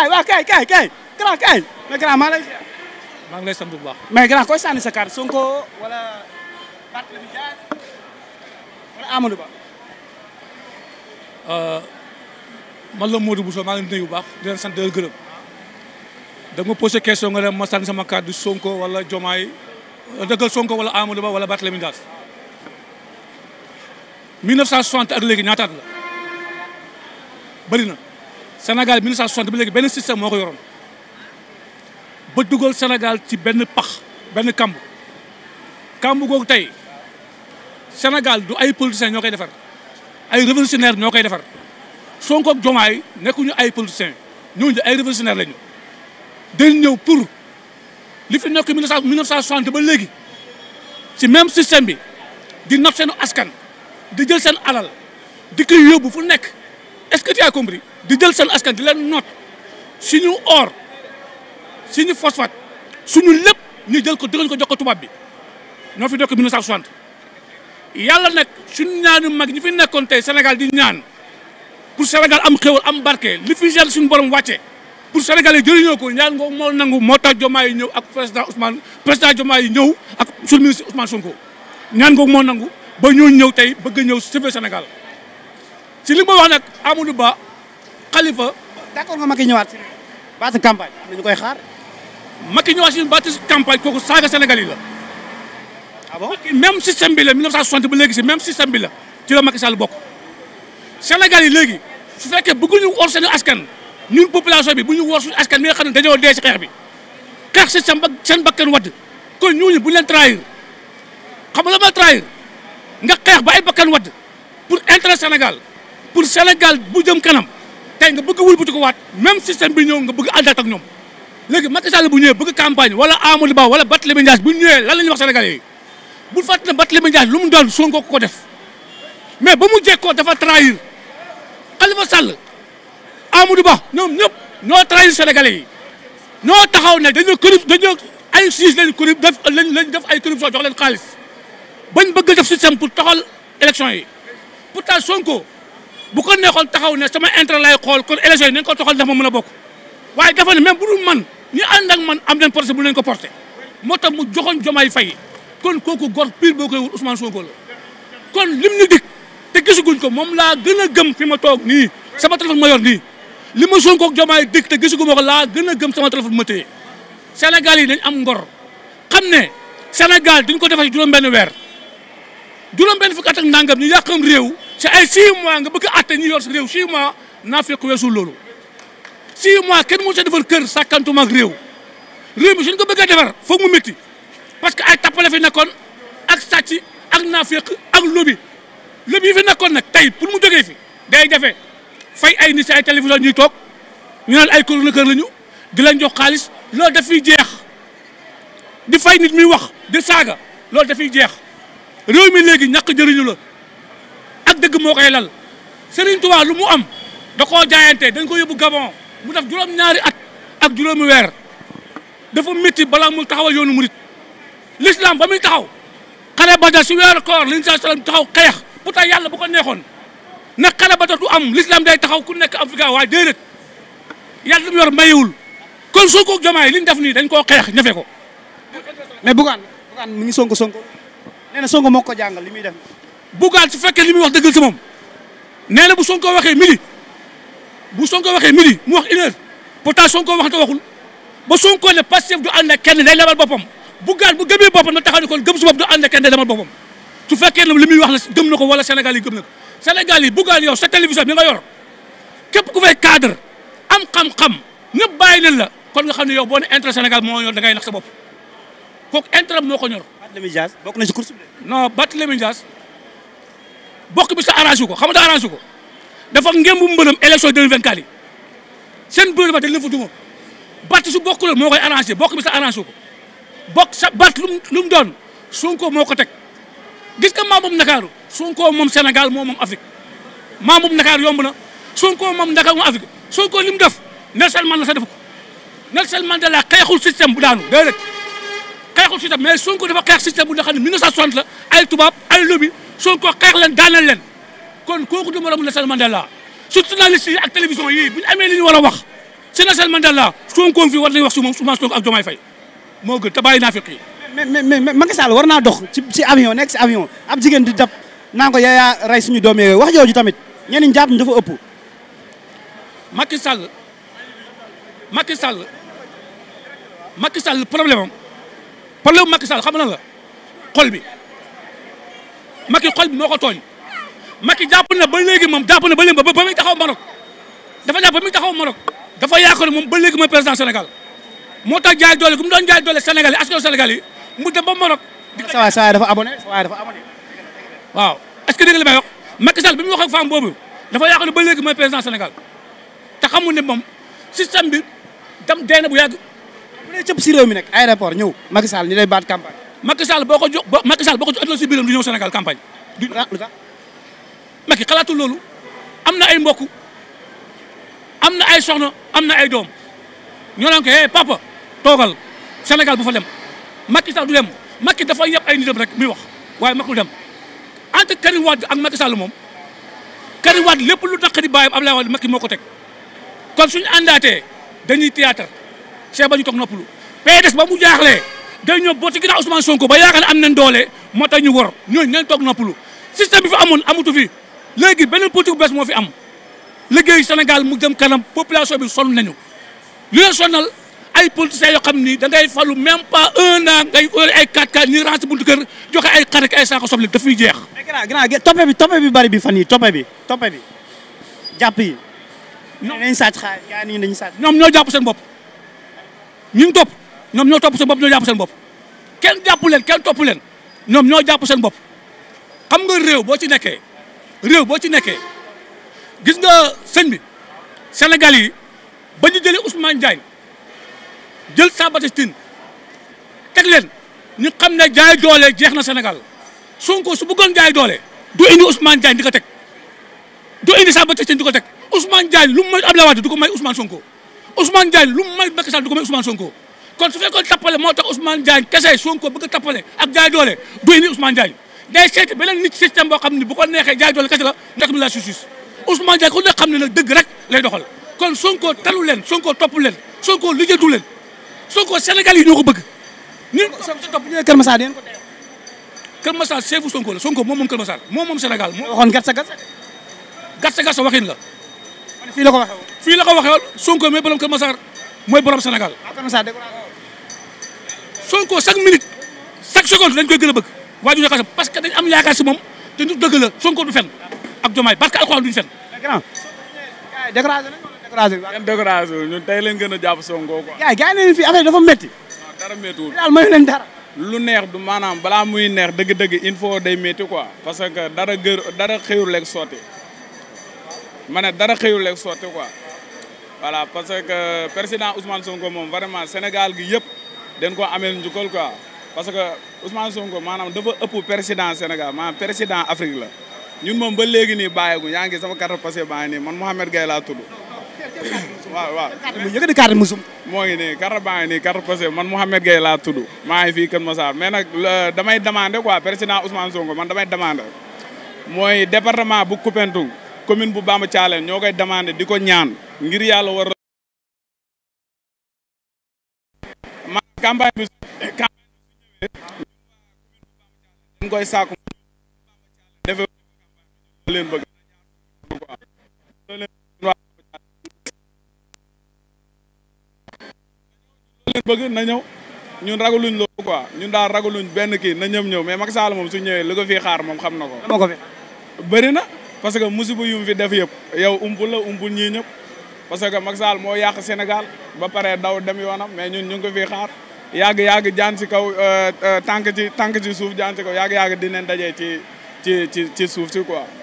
kaay waaw kaay kaay kaay grand bu baax. mais grand ko sànni sa carte Sonko wala Barthélémy Dias wala Amadou Ba. Euh, man la Modou leen di nuyu bu baax di leen sant di da ma posé question ma sànni sama carte Sonko wala Diomaye dëggal Sonko wala Amadou Ba wala Barthélémy Dias 1960 ak léegi ñaataat la bëri na. Sénégal 1960 ba léegi benn système moo ko yoroon ba dugal Sénégal ci benn pax benn kamb kamb googu tey Sénégal du ay politiciens ñoo koy defar ay révolutionnaire ñoo koy defar Sonko ak Jomaay nekkuñu ay politiciens ñooñu ay révolutionnaire lañu dañ ñëw pour li fi nekk 1960 ba léegi ci même système bi di napp seen askan di jël seen alal di koy yóbbu fu nekk est-ce que tu as compris di jël seen askan di leen noot suñu or suñu phosphate suñu lépp ñu jël ko dëgëñ ko jox ko tubaab bi ñoo fi dokk 1960 yàlla nag si ñaan mag ñi fi nekkoon tey Sénégal di ñaan pour Sénégal am xéwal am barke li fi jël suñu borom wàcce pour Sénégal yi jëriñoo ko ñaan ngoo moo nangu moo tax Diomaye yi ñëw ak président Ousmane président Diomaye yi ñëw ak suñu ministre Ousmane moo nangu ba ñoo ñëw tey bëgg ñëw Sénégal si li ma wax nag Ba Khalifa. d'accord nga Macky ñëwaat si baatu campagne nañu koy xaar. Macky ñëwaat si baatu campagne kooku saaga Sénégal yi la. ah bon Macky même système bi la 1960 ba léegi si même système bi la ci la Macky Sall bokk. Sénégal yi léegi su fekkee bëgguñu wor seen askan ñun population bi bu ñu wor suñu askan mi nga xam ne dañoo dee si xeex bi xeex si seen bakk seen bakkan wadd kon ñooñu bu leen trahir xam nga la ma trahir nga xeex ba ay bakkan wadd pour intérêt senegal pour Sénégal bu jëm kanam. tey nga bëgg wëlbati ko waat même système bi ñëw nga bëgg àndaat ak ñoom léegi Macky Sall bu ñëwee bëgg campagne wala Amadou Ba wala Barthélémy Dias bu ñëwee lan la ñuy wax sénégalais yi bu fàttali ne Barthélémy Dias lu mu doon Sonko ko def mais ba mu jekkoo dafa trahir Khalifa Sall Amadou Ba ñoom ñëpp ñoo trahir sénégalais yi ñoo taxaw ne dañoo corrupt dañoo ay siis lañ corrupt def lañ lañ def ay corruption jox leen xaalis bañ bëgg def système pour taxal élection yi pourtant Sonko bu ko neexoon taxaw ne sama intérêt lay xool kon élection yi nañ ko toxal ndax ma a bokk waaye dafa ne même bu dul man ñu ànd ak man am nañ projet bu leen ko porté moo tax mu joxoon Jomaay Fay kon kooku gor piir boo koy wut Ousmane Sonko la kon lim ñu dig te gisaguñ ko moom laa gën gëm fi ma toog nii sama téléphone ma yor nii li ma Sonko ak Jomaay dig te gisagu ma ko laa gën a gëm sama téléphone ma téye Sénégal yi dañ am ngor xam ne senegal duñ ko defar ci weer juróom-benn fukk at ak nangam ñu yàqam réew ci ay 6 mois nga bëgg a àtte ñu yor si réew 6 mois naa weesu loolu 6 mois kenn mu sa defar kër sàkkantuma ak réew réew mi suñ bëgg a defar foog mu métti parce que ay tappale fi nekkoon ak sàcc ak naafeq ak lobi lobi yi fi nekkoon nag tey pour mu jógee fi day jafe fay ay nit si ay télévision ñuy toog ñu naan ay chroniqueur lañu di lañ jox xaalis loolu daf fiy jeex di fay nit muy wax di saaga loolu daf fiy jeex réew mi léegi ñàkk jëriñu la. dëgg moo koy lal Serigne Touba lu mu am da koo jaayante dañ ko yóbbu Gabon mu def juróom-ñaari at ak juróomi weer dafa métti balaa mu taxawal yoonu murit l'islam ba muy taxaw xare Badar si weeru koor liñ saa salaam taxaw xeex ta yàlla bu ko neexoon nag xare Badar du am l'islam day taxaw ku nekk Afrika waaye déedéet yàlla lu mu yor mayewul kon Sonko ak Diomaye li ñu def nii dañ koo xeex ñafe ko mais Bougane Bougane mu ngi Sonko Sonko nee na Sonko moo ko jàngal li muy def Bougane su fekkee li muy wax dëggal moom nee na bu Sonko waxee midi bu Sonko waxee midi mu wax une heure pourtant Sonko wax te waxul ba Sonko ne Pastef du ànd ak kenn day lebal boppam Bougane bu gëmee boppa na taxaw ne kon gëm su bopp du ànd ak kenn day lebal boppam su fekkee ne li muy wax la gëm na ko wala Sénégal yi gëm na ko Sénégal yi Bougane yow sa télévision bi nga yor képp ku fay cadre am xam-xam ñëpp bàyyi leen la kon nga xam ne yow boo ne intérêt Sénégal moo ñor da ngay nax sa bopp kooku intérêt moo ko ñor. Barthélémy Dias bokk na ci course bi. non Barthélémy Dias bokk bi sa arrangé ko xam nga arrangé ko dafa ngémbu mbënam élection 2024 yi seen bureau ba dañ leen fa duma Bart su bokkul moo koy arrangé bokk bi sa arrangé ko bokk sa Bart lu lu mu Sonko moo ko teg gis nga maam moom Ndakaaru Sonko moom Sénégal moom moom Afrique maam moom Ndakaaru yomb na Sonko moom Ndakaaru moom Afrique Sonko li mu def Nelson Mandela sa def ko Nelson Mandela xeexul système bu daanu déedéet xeexul système mais Sonko dafa xeex système bu nga xam sa 1960 la ay tubaab ay Sonko xeex leen daanal leen kon kooku du moromu Nelson Mandela surtout journaliste yi ak télévision yii bu ñu amee li ñu war a wax si Nelson Mandela Sonko fi war nañu wax si moom Ousmane Sonko ak Diomaye Faye moo gën te bàyyi naa fekk yi. mais mais mais Macky Sall war naa dox ci ci avion nekk si avion ab jigéen di dab naa ko yaa rey suñu doom yooyu wax jooju tamit ñenn ñi jàpp ñu dafa ëpp. Macky Sall Macky Sall Macky problème am problème Macky Sall xam na la xol bi. Macky xol bi moo ko tooñ Macky jàpp na ba léegi moom jàpp na ba léegi ba ba muy taxaw Maroc dafa jàpp ba muy taxaw Maroc dafa yaakaar moom ba léegi mooy président Sénégal moo tax jaay doole gu mu doon jaay doole Sénégal yi askan Sénégal yi mu dem ba Maroc. saa waay saa waay dafa abonné saa waaw est que dégg nga li may wax Macky Sall bi mu wax ak boobu dafa yaakaar ne ba léegi mooy président Sénégal te xamul ne moom système bi dam dee bu yàgg. bu si réew mi nag aéroport ñëw Macky Sall ñu lay baat campagne. Macky Sall boo ko jox boo Macky Sall boo ko jox atuloo si biiram du ñëw Sénégal campagne. du lu tax Macky loolu am na ay mbokk am na ay soxna am na ay doom ñoo naan ko hey papa toogal Sénégal bu fa dem Macky Sall du dem Macky dafa yëpp ay nitam rek muy wax waaye Macky du dem ant Karim Wade ak Macky Sall moom Karim Wade lépp lu naqari bàyyam Abdoulaye Wade Macky moo ko teg kon suñu àndaatee dañuy théâtre c'est ba ñu toog noppalu ba mu jaaxlee. day ñëw boo ci ginnaaw Ousmane Sonko ba yaakaar ne am nañ doole moo tax ñu war ñooñu nañ toog noppalu système bi fi amoon amatu fi léegi beneen politique bu bees moo fi am liggéey Sénégal mu jëm kanam population bi sonn nañu li leen sonal ay politiciens yoo xam ni da ngay falu même pas un an ngay wër ay 4 ñuy buntu kër joxe ay xar ak ay saako soble dafay jeex. mais grand grand toppe bi toppe bi bari bi fan yi toppe bi toppe bi jàpp yi. ñoom dañuy sàcc xaalis gaa yi dañuy sàcc ñoom ñoo jàpp seen bopp ñu ngi topp. ñoom ñoo topp seen bopp ñoo jàpp seen bopp kenn jàpp leen kenn topp leen ñoom ñoo jàpp seen bopp xam nga réew boo ci nekkee réew boo ci nekkee gis nga sëñ bi Sénégal yi bañu ñu jëlee Ousmane jël Samba Tine teg leen ñu xam na jaay doole jeex na Sénégal Sonko su bëggoon jaay doole du indi Ousmane Diagne di ko teg du indi Samba Tine di ko teg Ousmane Diagne lu mu may Abdoulaye Wade du ko may Ousmane Sonko Ousmane Diagne lu mu may Macky Sall du ko may Ousmane Sonko. kon su fekkoon tappale moo tax Ousmane Diagne kese Sonko bëgg a tappale ak jaay doole duy ni Ousmane Diagne day seeti beneen nit système boo xam ne bu ko neexee jaay doole kese la ndax mi la justice Ousmane Diagne ku xam ne nag dëgg rek lay doxal kon Sonko talu leen Sonko topp leen Sonko lijjatu leen Sonko Sénégal yi ñoo ko bëgg ñu Sonko topp ñu ne Kër seefu Sonko la Sonko moom moom Kër moom moom Sénégal moo waxoon gatsa gatsa gatsa gatsa waxin la fii la ko waxee fii la ko waxee woon Sonko mooy borom Kër Massar mooy Sonko chaque minute chaque seconde dañ koy gën a bëgg waa parce que dañ am yaakaar moom te ñu dëgg la Sonko du fen ak Diomaye parce que alxuraan duñu fen découragé nañ découragé ñun tey lañ gën a jàpp Sonko quoi. fi affaire dafa métti. dara méttiwul daal mayu leen dara. lu neex du maanaam balaa muy neex dëgg-dëgg il faut day métti quoi. parce que dara gër dara xëyul rek sotti ma dara xëyul rek sotti quoi voilà parce que président Ousmane Sonko moom vraiment Sénégal gi yëpp den ko amee njukkal quoi parce que Ousmane Sonko maanaam dafa ëpp président Sénégal maanaam président Afrique la ñun moom ba léegi nii bàyyeeku yaa ngi sama carte passé baa ngi man Mouhamed Gaye laa moo ngi nii carte baa man Mouhamed Gaye laa tudd maa ngi fii Kër Massar mais nag damay demander quoi président Ousmane Sonko man damay demander mooy département bu Koupentoum commune bu Bamba Thialène ñoo koy demander di ko ñaan ngir yàlla war campagne bi ñu koy sàkku defe leen bëgg leen bëgg na ñëw ñun ragaluñ loolu quoi ñun daal ragaluñ benn kii na ñëm ñëw mais mag Sall moom su ñëwee li ko fii xaar moom xam na ko bëri na parce que musiba yu mu fi def yëpp yow umpul la umpul ñii ñëpp parce que Macky Sall moo yàq Sénégal ba pare daw dem yoonam mais ñun ñu ko fii xaar yàgg yàgg jaan ci kaw euh, euh, tànk ci tànk ci suuf jaan ci kaw yàgg yàgg dinañ daje ci ci ci ci suuf si quoi.